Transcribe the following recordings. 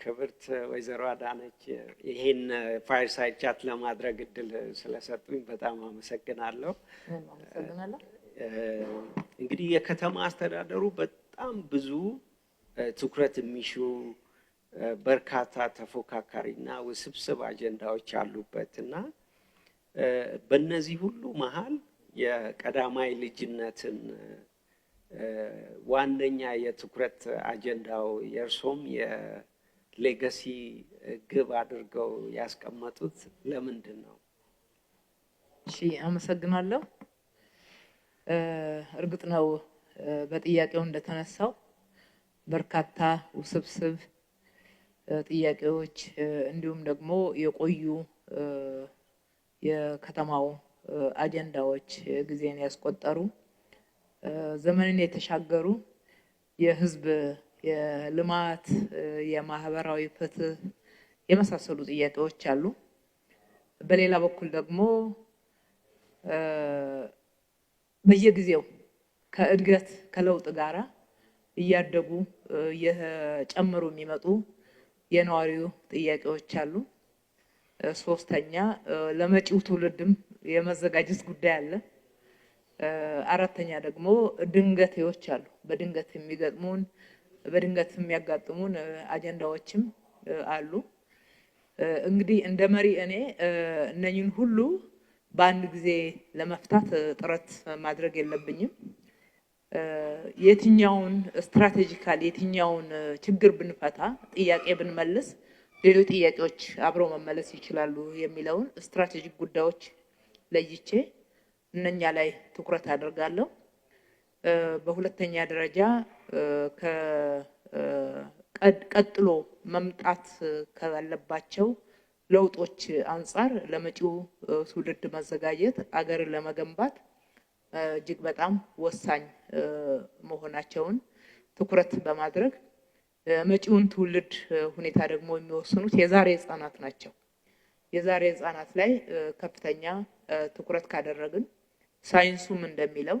ክብርት ወይዘሮ አዳነች ይህን ፋይርሳይድ ቻት ለማድረግ እድል ስለሰጡኝ በጣም አመሰግናለሁ። እንግዲህ የከተማ አስተዳደሩ በጣም ብዙ ትኩረት የሚሹ በርካታ ተፎካካሪና ውስብስብ አጀንዳዎች አሉበት እና በእነዚህ ሁሉ መሀል የቀዳማይ ልጅነትን ዋነኛ የትኩረት አጀንዳው የእርሶም ሌገሲ ግብ አድርገው ያስቀመጡት ለምንድን ነው? እሺ አመሰግናለሁ። እርግጥ ነው በጥያቄው እንደተነሳው በርካታ ውስብስብ ጥያቄዎች እንዲሁም ደግሞ የቆዩ የከተማው አጀንዳዎች ጊዜን ያስቆጠሩ ዘመንን የተሻገሩ የሕዝብ የልማት፣ የማህበራዊ ፍትህ የመሳሰሉ ጥያቄዎች አሉ። በሌላ በኩል ደግሞ በየጊዜው ከእድገት ከለውጥ ጋራ እያደጉ እየጨመሩ የሚመጡ የነዋሪው ጥያቄዎች አሉ። ሶስተኛ ለመጪው ትውልድም የመዘጋጀት ጉዳይ አለ። አራተኛ ደግሞ ድንገቴዎች አሉ። በድንገት የሚገጥሙን በድንገት የሚያጋጥሙን አጀንዳዎችም አሉ። እንግዲህ እንደ መሪ እኔ እነኝን ሁሉ በአንድ ጊዜ ለመፍታት ጥረት ማድረግ የለብኝም። የትኛውን ስትራቴጂካል የትኛውን ችግር ብንፈታ ጥያቄ ብንመልስ ሌሎች ጥያቄዎች አብረው መመለስ ይችላሉ የሚለውን ስትራቴጂክ ጉዳዮች ለይቼ እነኛ ላይ ትኩረት አድርጋለሁ። በሁለተኛ ደረጃ ቀጥሎ መምጣት ካለባቸው ለውጦች አንጻር ለመጪው ትውልድ መዘጋጀት አገርን ለመገንባት እጅግ በጣም ወሳኝ መሆናቸውን ትኩረት በማድረግ መጪውን ትውልድ ሁኔታ ደግሞ የሚወስኑት የዛሬ ህጻናት ናቸው። የዛሬ ህጻናት ላይ ከፍተኛ ትኩረት ካደረግን ሳይንሱም እንደሚለው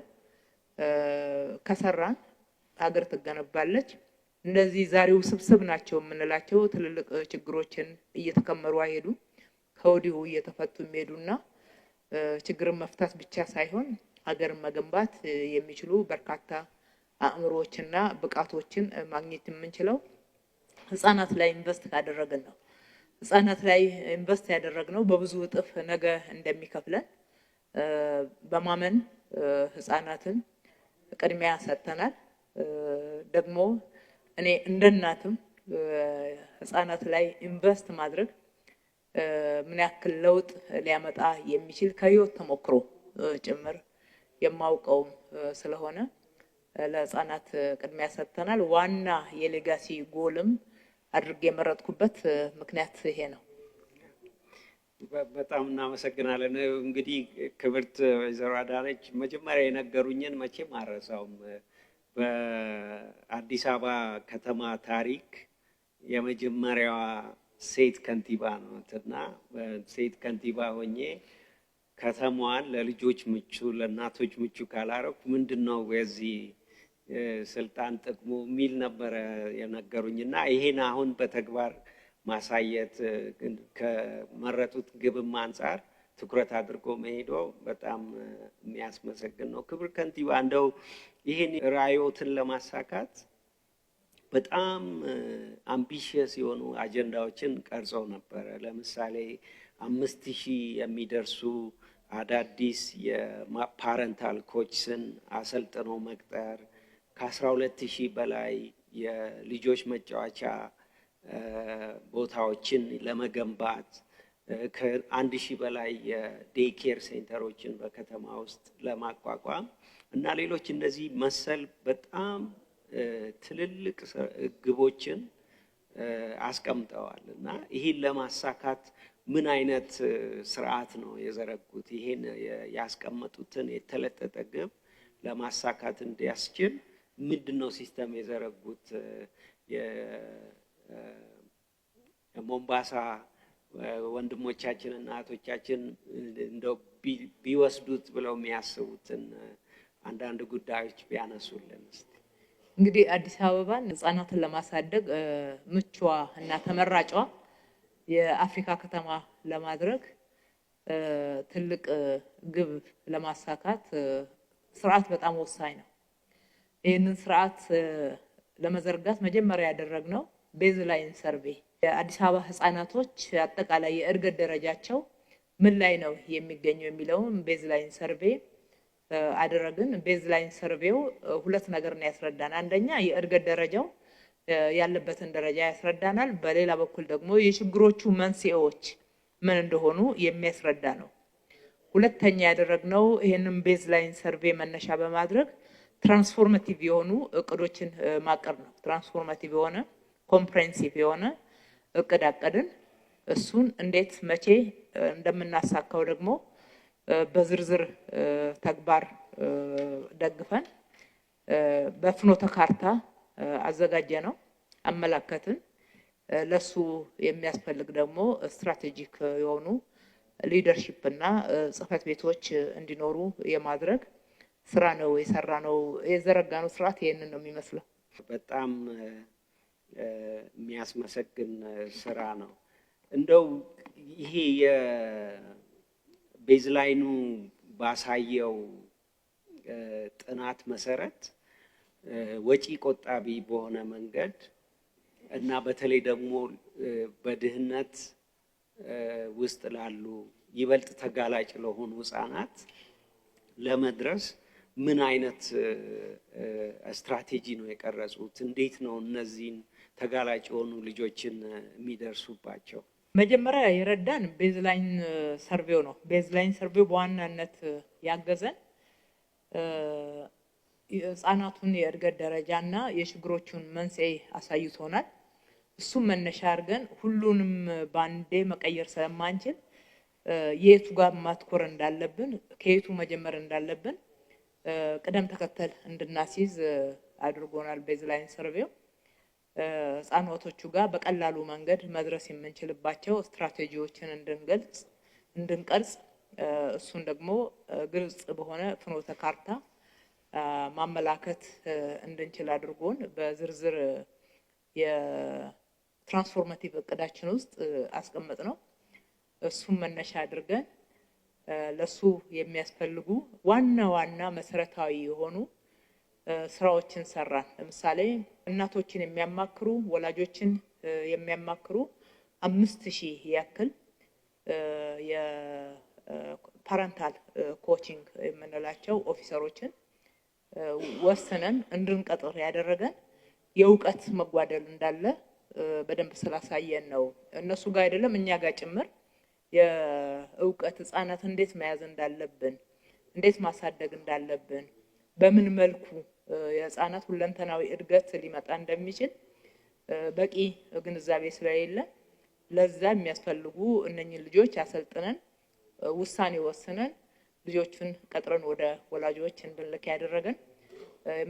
ከሰራን ሀገር ትገነባለች። እነዚህ ዛሬው ስብስብ ናቸው የምንላቸው ትልልቅ ችግሮችን እየተከመሩ አይሄዱ ከወዲሁ እየተፈቱ የሚሄዱና ችግርን መፍታት ብቻ ሳይሆን ሀገርን መገንባት የሚችሉ በርካታ አእምሮዎችና ብቃቶችን ማግኘት የምንችለው ህጻናት ላይ ኢንቨስት ካደረግን ነው። ህጻናት ላይ ኢንቨስት ያደረግነው በብዙ እጥፍ ነገ እንደሚከፍለን በማመን ህጻናትን ቅድሚያ ሰጥተናል። ደግሞ እኔ እንደ እናትም ህፃናት ላይ ኢንቨስት ማድረግ ምን ያክል ለውጥ ሊያመጣ የሚችል ከህይወት ተሞክሮ ጭምር የማውቀው ስለሆነ ለህፃናት ቅድሚያ ሰጥተናል። ዋና የሌጋሲ ጎልም አድርጌ የመረጥኩበት ምክንያት ይሄ ነው። በጣም እናመሰግናለን። እንግዲህ ክብርት ወይዘሮ አዳነች መጀመሪያ የነገሩኝን መቼም አረሳውም። በአዲስ አበባ ከተማ ታሪክ የመጀመሪያዋ ሴት ከንቲባ ናት እና ሴት ከንቲባ ሆኜ ከተማዋን ለልጆች ምቹ፣ ለእናቶች ምቹ ካላረኩ ምንድን ነው የዚህ ስልጣን ጥቅሙ የሚል ነበረ የነገሩኝ እና ይሄን አሁን በተግባር ማሳየት ከመረጡት ግብም አንጻር ትኩረት አድርጎ መሄዶ በጣም የሚያስመሰግን ነው። ክብር ከንቲባ እንደው ይህን ራዮትን ለማሳካት በጣም አምቢሽየስ የሆኑ አጀንዳዎችን ቀርጸው ነበረ። ለምሳሌ አምስት ሺህ የሚደርሱ አዳዲስ የፓረንታል ኮችስን አሰልጥኖ መቅጠር ከአስራ ሁለት ሺህ በላይ የልጆች መጫወቻ ቦታዎችን ለመገንባት ከአንድ ሺህ በላይ የዴይ ሴንተሮችን በከተማ ውስጥ ለማቋቋም እና ሌሎች እነዚህ መሰል በጣም ትልልቅ ግቦችን አስቀምጠዋል እና ይህን ለማሳካት ምን አይነት ስርዓት ነው የዘረጉት? ይህን ያስቀመጡትን የተለጠጠ ግብ ለማሳካት እንዲያስችል ምንድን ነው ሲስተም የዘረጉት? የሞምባሳ ወንድሞቻችንና እህቶቻችን እንደው ቢወስዱት ብለው የሚያስቡትን አንዳንድ ጉዳዮች ቢያነሱልን እስኪ። እንግዲህ አዲስ አበባን ህጻናትን ለማሳደግ ምቿ እና ተመራጯ የአፍሪካ ከተማ ለማድረግ ትልቅ ግብ ለማሳካት ስርዓት በጣም ወሳኝ ነው። ይህንን ስርዓት ለመዘርጋት መጀመሪያ ያደረግነው ቤዝ ላይን ሰርቬይ የአዲስ አበባ ህጻናቶች አጠቃላይ የእድገት ደረጃቸው ምን ላይ ነው የሚገኘው የሚለውን ቤዝላይን ሰርቬ አደረግን። ቤዝላይን ሰርቬው ሁለት ነገር ነው ያስረዳን። አንደኛ የእድገት ደረጃው ያለበትን ደረጃ ያስረዳናል። በሌላ በኩል ደግሞ የችግሮቹ መንስኤዎች ምን እንደሆኑ የሚያስረዳ ነው። ሁለተኛ ያደረግነው ይህንን ቤዝላይን ሰርቬ መነሻ በማድረግ ትራንስፎርማቲቭ የሆኑ እቅዶችን ማቀር ነው። ትራንስፎርማቲቭ የሆነ ኮምፕሬንሲቭ የሆነ እቅድ አቀድን። እሱን እንዴት መቼ እንደምናሳካው ደግሞ በዝርዝር ተግባር ደግፈን በፍኖተ ካርታ አዘጋጀ ነው አመላከትን። ለሱ የሚያስፈልግ ደግሞ ስትራቴጂክ የሆኑ ሊደርሺፕ እና ጽህፈት ቤቶች እንዲኖሩ የማድረግ ስራ ነው የሰራ ነው የዘረጋ ነው ስርዓት ይህንን ነው የሚመስለው በጣም የሚያስመሰግን ስራ ነው። እንደው ይሄ የቤዝላይኑ ባሳየው ጥናት መሰረት ወጪ ቆጣቢ በሆነ መንገድ እና በተለይ ደግሞ በድህነት ውስጥ ላሉ ይበልጥ ተጋላጭ ለሆኑ ህፃናት ለመድረስ ምን አይነት ስትራቴጂ ነው የቀረጹት? እንዴት ነው እነዚህን ተጋላጭ የሆኑ ልጆችን የሚደርሱባቸው መጀመሪያ የረዳን ቤዝላይን ሰርቬው ነው። ቤዝላይን ሰርቬው በዋናነት ያገዘን የህፃናቱን የእድገት ደረጃ የችግሮቹን መንስኤ አሳይቶናል። እሱም መነሻ አድርገን ሁሉንም ባንዴ መቀየር ስለማንችል የቱ ጋር ማትኮር እንዳለብን፣ ከየቱ መጀመር እንዳለብን ቅደም ተከተል እንድናስይዝ አድርጎናል ቤዝላይን ሰርቬው። ህጻናቶቹ ጋር በቀላሉ መንገድ መድረስ የምንችልባቸው ስትራቴጂዎችን እንድንገልጽ እንድንቀርጽ እሱን ደግሞ ግልጽ በሆነ ፍኖተ ካርታ ማመላከት እንድንችል አድርጎን በዝርዝር የትራንስፎርማቲቭ እቅዳችን ውስጥ አስቀመጥ ነው። እሱን መነሻ አድርገን ለሱ የሚያስፈልጉ ዋና ዋና መሰረታዊ የሆኑ ስራዎችን ሰራን። ለምሳሌ እናቶችን የሚያማክሩ ወላጆችን የሚያማክሩ አምስት ሺህ ያክል የፓረንታል ኮቺንግ የምንላቸው ኦፊሰሮችን ወስነን እንድንቀጥር ያደረገን የእውቀት መጓደል እንዳለ በደንብ ስላሳየን ነው። እነሱ ጋር አይደለም እኛ ጋር ጭምር የእውቀት ህጻናት እንዴት መያዝ እንዳለብን፣ እንዴት ማሳደግ እንዳለብን፣ በምን መልኩ የህፃናት ሁለንተናዊ እድገት ሊመጣ እንደሚችል በቂ ግንዛቤ ስለሌለ ለዛ የሚያስፈልጉ እነኝን ልጆች አሰልጥነን ውሳኔ ወስነን ልጆቹን ቀጥረን ወደ ወላጆች እንድንልክ ያደረገን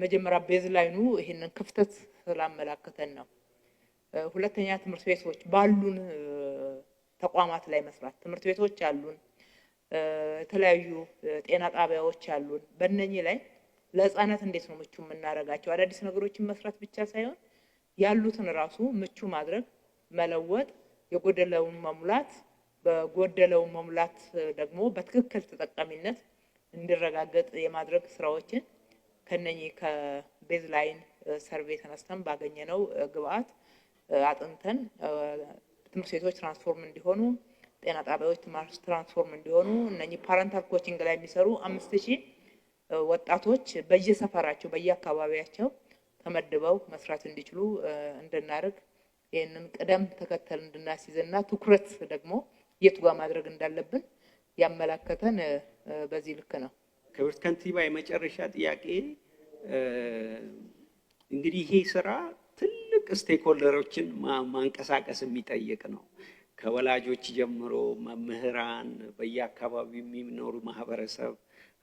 መጀመሪያ ቤዝ ላይኑ ይህንን ክፍተት ስላመላከተን ነው። ሁለተኛ ትምህርት ቤቶች ባሉን ተቋማት ላይ መስራት። ትምህርት ቤቶች አሉን፣ የተለያዩ ጤና ጣቢያዎች አሉን። በነኚህ ላይ ለህፃናት እንዴት ነው ምቹ የምናደርጋቸው? አዳዲስ ነገሮችን መስራት ብቻ ሳይሆን ያሉትን ራሱ ምቹ ማድረግ፣ መለወጥ፣ የጎደለውን መሙላት፣ በጎደለው መሙላት ደግሞ በትክክል ተጠቃሚነት እንዲረጋገጥ የማድረግ ስራዎችን ከነኚህ ከቤዝላይን ሰርቬ ተነስተን ባገኘነው ግብአት አጥንተን ትምህርት ቤቶች ትራንስፎርም እንዲሆኑ፣ ጤና ጣቢያዎች ትራንስፎርም እንዲሆኑ እነኚህ ፓረንታል ኮችንግ ላይ የሚሰሩ አምስት ሺህ ወጣቶች በየሰፈራቸው በየአካባቢያቸው ተመድበው መስራት እንዲችሉ እንድናደርግ ይህንን ቅደም ተከተል እንድናስይዝና ትኩረት ደግሞ የቱ ጋር ማድረግ እንዳለብን ያመላከተን በዚህ ልክ ነው። ክብርት ከንቲባ የመጨረሻ ጥያቄ እንግዲህ ይሄ ስራ ትልቅ ስቴክሆልደሮችን ማንቀሳቀስ የሚጠይቅ ነው። ከወላጆች ጀምሮ መምህራን፣ በየአካባቢው የሚኖሩ ማህበረሰብ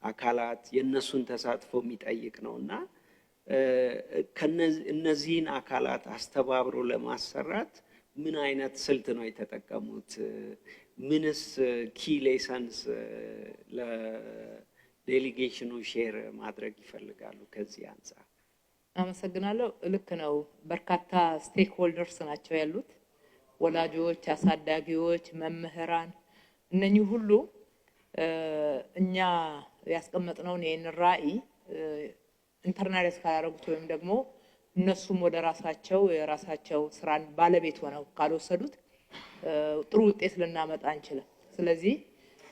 አካላት የእነሱን ተሳትፎ የሚጠይቅ ነው እና እነዚህን አካላት አስተባብሮ ለማሰራት ምን አይነት ስልት ነው የተጠቀሙት? ምንስ ኪ ሌሰንስ ለዴሊጌሽኑ ሼር ማድረግ ይፈልጋሉ? ከዚህ አንጻር አመሰግናለሁ። ልክ ነው። በርካታ ስቴክሆልደርስ ናቸው ያሉት ወላጆች፣ አሳዳጊዎች፣ መምህራን እነኚህ ሁሉ እኛ ያስቀመጥነውን ይህን ራዕይ ኢንተርናላይዝ ካላደረጉት ወይም ደግሞ እነሱም ወደ ራሳቸው የራሳቸው ስራን ባለቤት ሆነው ካልወሰዱት ጥሩ ውጤት ልናመጣ አንችልም። ስለዚህ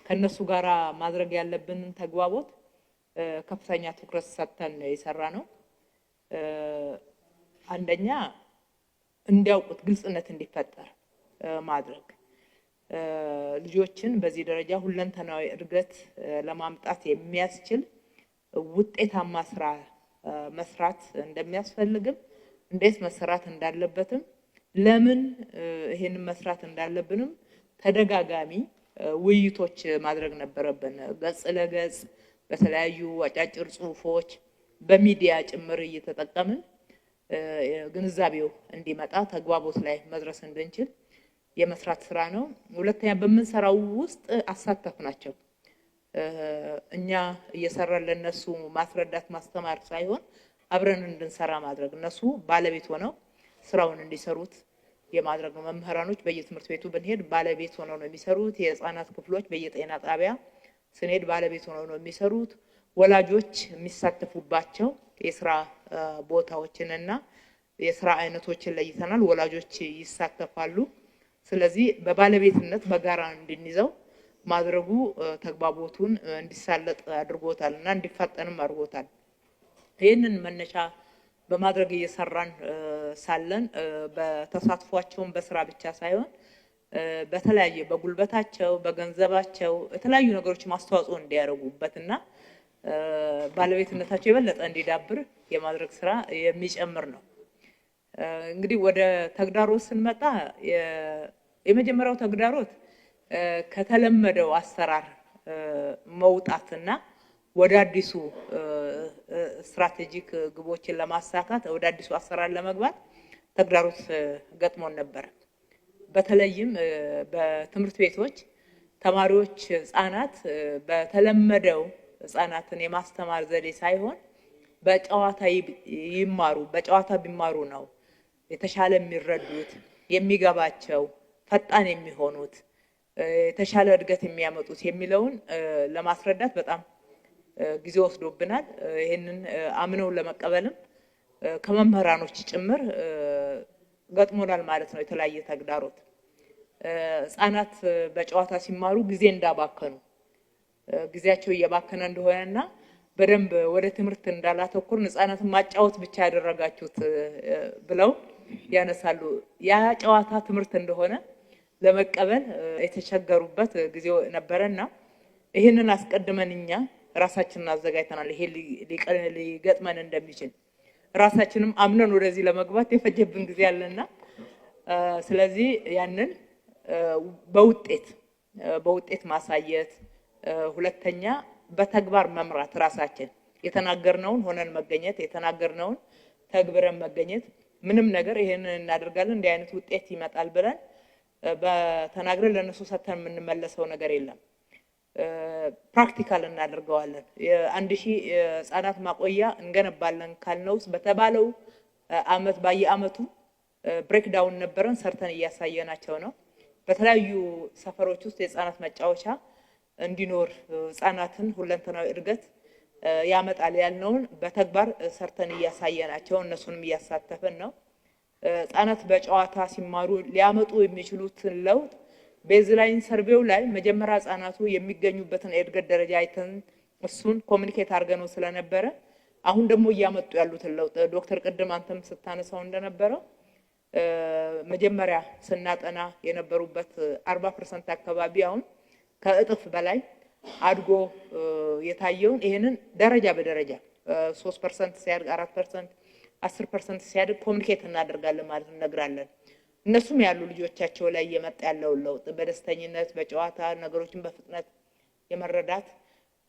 ከእነሱ ጋር ማድረግ ያለብንን ተግባቦት ከፍተኛ ትኩረት ሰጥተን የሰራ ነው። አንደኛ እንዲያውቁት ግልጽነት እንዲፈጠር ማድረግ ልጆችን በዚህ ደረጃ ሁለንተናዊ እድገት ለማምጣት የሚያስችል ውጤታማ ስራ መስራት እንደሚያስፈልግም እንዴት መሰራት እንዳለበትም ለምን ይሄንን መስራት እንዳለብንም ተደጋጋሚ ውይይቶች ማድረግ ነበረብን። ገጽ ለገጽ በተለያዩ አጫጭር ጽሁፎች በሚዲያ ጭምር እየተጠቀምን ግንዛቤው እንዲመጣ ተግባቦት ላይ መድረስ እንድንችል የመስራት ስራ ነው። ሁለተኛ በምንሰራው ውስጥ አሳተፍ ናቸው። እኛ እየሰራን ለእነሱ ማስረዳት ማስተማር ሳይሆን አብረን እንድንሰራ ማድረግ እነሱ ባለቤት ሆነው ስራውን እንዲሰሩት የማድረግ ነው። መምህራኖች በየትምህርት ቤቱ ብንሄድ ባለቤት ሆነው ነው የሚሰሩት። የህፃናት ክፍሎች በየጤና ጣቢያ ስንሄድ ባለቤት ሆነው ነው የሚሰሩት። ወላጆች የሚሳተፉባቸው የስራ ቦታዎችንና የስራ አይነቶችን ለይተናል። ወላጆች ይሳተፋሉ። ስለዚህ በባለቤትነት በጋራ እንድንይዘው ማድረጉ ተግባቦቱን እንዲሳለጥ አድርጎታል እና እንዲፋጠንም አድርጎታል። ይህንን መነሻ በማድረግ እየሰራን ሳለን በተሳትፏቸውን በስራ ብቻ ሳይሆን በተለያየ በጉልበታቸው፣ በገንዘባቸው የተለያዩ ነገሮች ማስተዋጽኦ እንዲያደርጉበትና ባለቤትነታቸው የበለጠ እንዲዳብር የማድረግ ስራ የሚጨምር ነው። እንግዲህ ወደ ተግዳሮት ስንመጣ የመጀመሪያው ተግዳሮት ከተለመደው አሰራር መውጣትና ወደ አዲሱ ስትራቴጂክ ግቦችን ለማሳካት ወደ አዲሱ አሰራር ለመግባት ተግዳሮት ገጥሞን ነበር። በተለይም በትምህርት ቤቶች ተማሪዎች፣ ህጻናት በተለመደው ህጻናትን የማስተማር ዘዴ ሳይሆን በጨዋታ ይማሩ በጨዋታ ቢማሩ ነው የተሻለ የሚረዱት የሚገባቸው ፈጣን የሚሆኑት የተሻለ እድገት የሚያመጡት የሚለውን ለማስረዳት በጣም ጊዜ ወስዶብናል። ይህንን አምነው ለመቀበልም ከመምህራኖች ጭምር ገጥሞናል ማለት ነው። የተለያየ ተግዳሮት ህጻናት በጨዋታ ሲማሩ ጊዜ እንዳባከኑ ጊዜያቸው እየባከነ እንደሆነ እና በደንብ ወደ ትምህርት እንዳላተኩር ህጻናትን ማጫወት ብቻ ያደረጋችሁት ብለው ያነሳሉ። ያ ጨዋታ ትምህርት እንደሆነ ለመቀበል የተቸገሩበት ጊዜ እና ይህንን አስቀድመን እኛ ራሳችንን አዘጋጅተናል። ይሄ ሊገጥመን እንደሚችል ራሳችንም አምነን ወደዚህ ለመግባት የፈጀብን ጊዜ አለና ስለዚህ ያንን በውጤት በውጤት ማሳየት ሁለተኛ በተግባር መምራት ራሳችን የተናገርነውን ሆነን መገኘት የተናገርነውን ተግብረን መገኘት ምንም ነገር ይህን እናደርጋለን እንዲህ አይነት ውጤት ይመጣል ብለን በተናግረን ለእነሱ ሰተን የምንመለሰው ነገር የለም። ፕራክቲካል እናደርገዋለን። አንድ ሺህ ህጻናት ማቆያ እንገነባለን ካልነው ውስጥ በተባለው አመት በየአመቱ ብሬክዳውን ነበረን ሰርተን እያሳየናቸው ነው። በተለያዩ ሰፈሮች ውስጥ የህጻናት መጫወቻ እንዲኖር ህጻናትን ሁለንተናዊ እድገት ያመጣል ያልነውን በተግባር ሰርተን እያሳየናቸው እነሱንም እያሳተፍን ነው። ህጻናት በጨዋታ ሲማሩ ሊያመጡ የሚችሉትን ለውጥ ቤዝላይን ሰርቬው ላይ መጀመሪያ ህጻናቱ የሚገኙበትን የእድገት ደረጃ አይተን እሱን ኮሚኒኬት አድርገነው ስለነበረ አሁን ደግሞ እያመጡ ያሉትን ለውጥ ዶክተር ቅድም አንተም ስታነሳው እንደነበረው መጀመሪያ ስናጠና የነበሩበት አርባ ፐርሰንት አካባቢ አሁን ከእጥፍ በላይ አድጎ የታየውን ይህንን ደረጃ በደረጃ ሶስት ፐርሰንት ሲያድግ አራት ፐርሰንት አስር ፐርሰንት ሲያድግ ኮሚኒኬት እናደርጋለን ማለት እነግራለን። እነሱም ያሉ ልጆቻቸው ላይ እየመጣ ያለውን ለውጥ በደስተኝነት በጨዋታ ነገሮችን በፍጥነት የመረዳት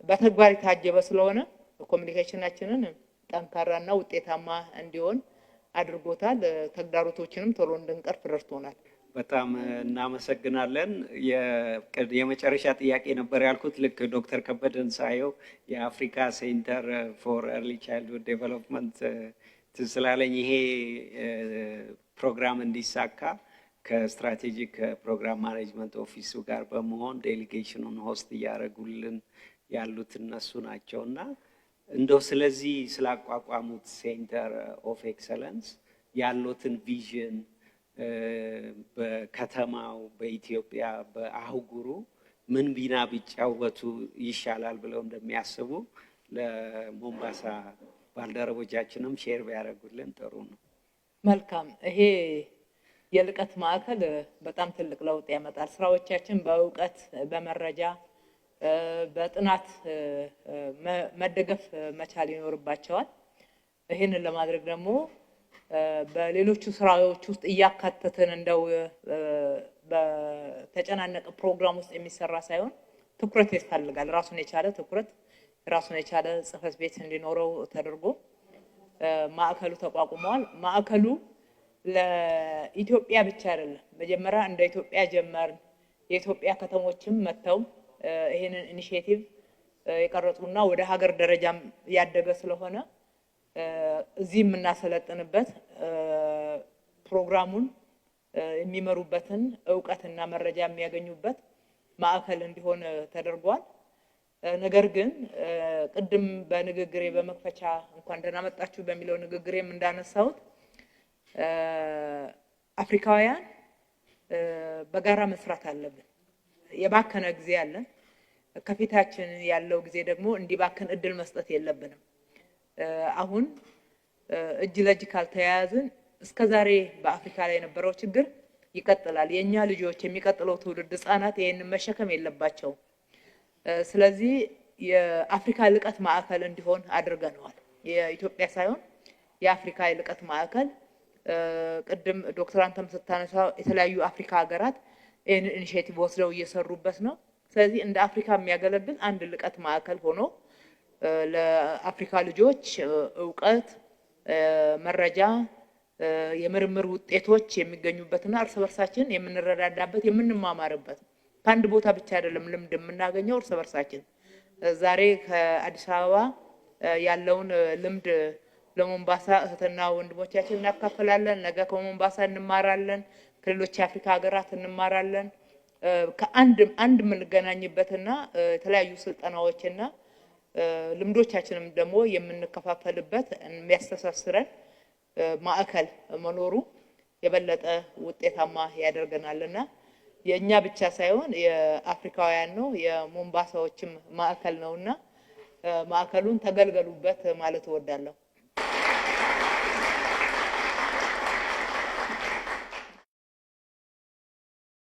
በተግባር የታጀበ ስለሆነ ኮሚኒኬሽናችንን ጠንካራና ውጤታማ እንዲሆን አድርጎታል። ተግዳሮቶችንም ቶሎ እንድንቀርፍ ረድቶናል። በጣም እናመሰግናለን። የመጨረሻ ጥያቄ ነበር ያልኩት ልክ ዶክተር ከበደን ሳየው የአፍሪካ ሴንተር ፎር ኤርሊ ቻይልድሁድ ዴቨሎፕመንት ትስላለኝ ይሄ ፕሮግራም እንዲሳካ ከስትራቴጂክ ፕሮግራም ማኔጅመንት ኦፊሱ ጋር በመሆን ዴሊጌሽኑን ሆስት እያደረጉልን ያሉት እነሱ ናቸው እና እንደው ስለዚህ ስላቋቋሙት ሴንተር ኦፍ ኤክሰለንስ ያሉትን ቪዥን በከተማው በኢትዮጵያ በአህጉሩ ምን ቢና ቢጫወቱ ይሻላል ብለው እንደሚያስቡ ለሞምባሳ ባልደረቦቻችንም ሼር ቢያደርጉልን ጥሩ ነው። መልካም። ይሄ የልቀት ማዕከል በጣም ትልቅ ለውጥ ያመጣል። ስራዎቻችን በእውቀት በመረጃ በጥናት መደገፍ መቻል ይኖርባቸዋል። ይህንን ለማድረግ ደግሞ በሌሎቹ ስራዎች ውስጥ እያካተትን እንደው በተጨናነቀ ፕሮግራም ውስጥ የሚሰራ ሳይሆን ትኩረት ይፈልጋል። ራሱን የቻለ ትኩረት፣ ራሱን የቻለ ጽህፈት ቤት እንዲኖረው ተደርጎ ማዕከሉ ተቋቁመዋል። ማዕከሉ ለኢትዮጵያ ብቻ አይደለም። መጀመሪያ እንደ ኢትዮጵያ ጀመርን። የኢትዮጵያ ከተሞችም መጥተው ይህንን ኢኒሽቲቭ የቀረጹና ወደ ሀገር ደረጃም ያደገ ስለሆነ እዚህ የምናሰለጥንበት ፕሮግራሙን የሚመሩበትን እውቀትና መረጃ የሚያገኙበት ማዕከል እንዲሆን ተደርጓል። ነገር ግን ቅድም በንግግሬ በመክፈቻ እንኳን ደህና መጣችሁ በሚለው ንግግሬም እንዳነሳሁት አፍሪካውያን በጋራ መስራት አለብን። የባከነ ጊዜ አለን። ከፊታችን ያለው ጊዜ ደግሞ እንዲባክን እድል መስጠት የለብንም። አሁን እጅ ለእጅ ካልተያያዝን እስከ ዛሬ በአፍሪካ ላይ የነበረው ችግር ይቀጥላል። የእኛ ልጆች የሚቀጥለው ትውልድ ህጻናት ይህንን መሸከም የለባቸውም። ስለዚህ የአፍሪካ ልቀት ማዕከል እንዲሆን አድርገነዋል። የኢትዮጵያ ሳይሆን የአፍሪካ ልቀት ማዕከል ቅድም ዶክተር አንተም ስታነሳ የተለያዩ አፍሪካ ሀገራት ይህንን ኢኒሽቲቭ ወስደው እየሰሩበት ነው። ስለዚህ እንደ አፍሪካ የሚያገለግል አንድ ልቀት ማዕከል ሆኖ ለአፍሪካ ልጆች እውቀት፣ መረጃ፣ የምርምር ውጤቶች የሚገኙበትና እርስ በርሳችን የምንረዳዳበት የምንማማርበት ከአንድ ቦታ ብቻ አይደለም ልምድ የምናገኘው እርስ በርሳችን ዛሬ ከአዲስ አበባ ያለውን ልምድ ለሞንባሳ እህትና ወንድሞቻችን እናካፈላለን። ነገ ከሞንባሳ እንማራለን፣ ከሌሎች የአፍሪካ ሀገራት እንማራለን። ከአንድ አንድ የምንገናኝበትና የተለያዩ ስልጠናዎችና ልምዶቻችንም ደግሞ የምንከፋፈልበት የሚያስተሳስረን ማዕከል መኖሩ የበለጠ ውጤታማ ያደርገናል እና የእኛ ብቻ ሳይሆን የአፍሪካውያን ነው የሞምባሳዎችም ማዕከል ነውና ማዕከሉን ተገልገሉበት ማለት እወዳለሁ።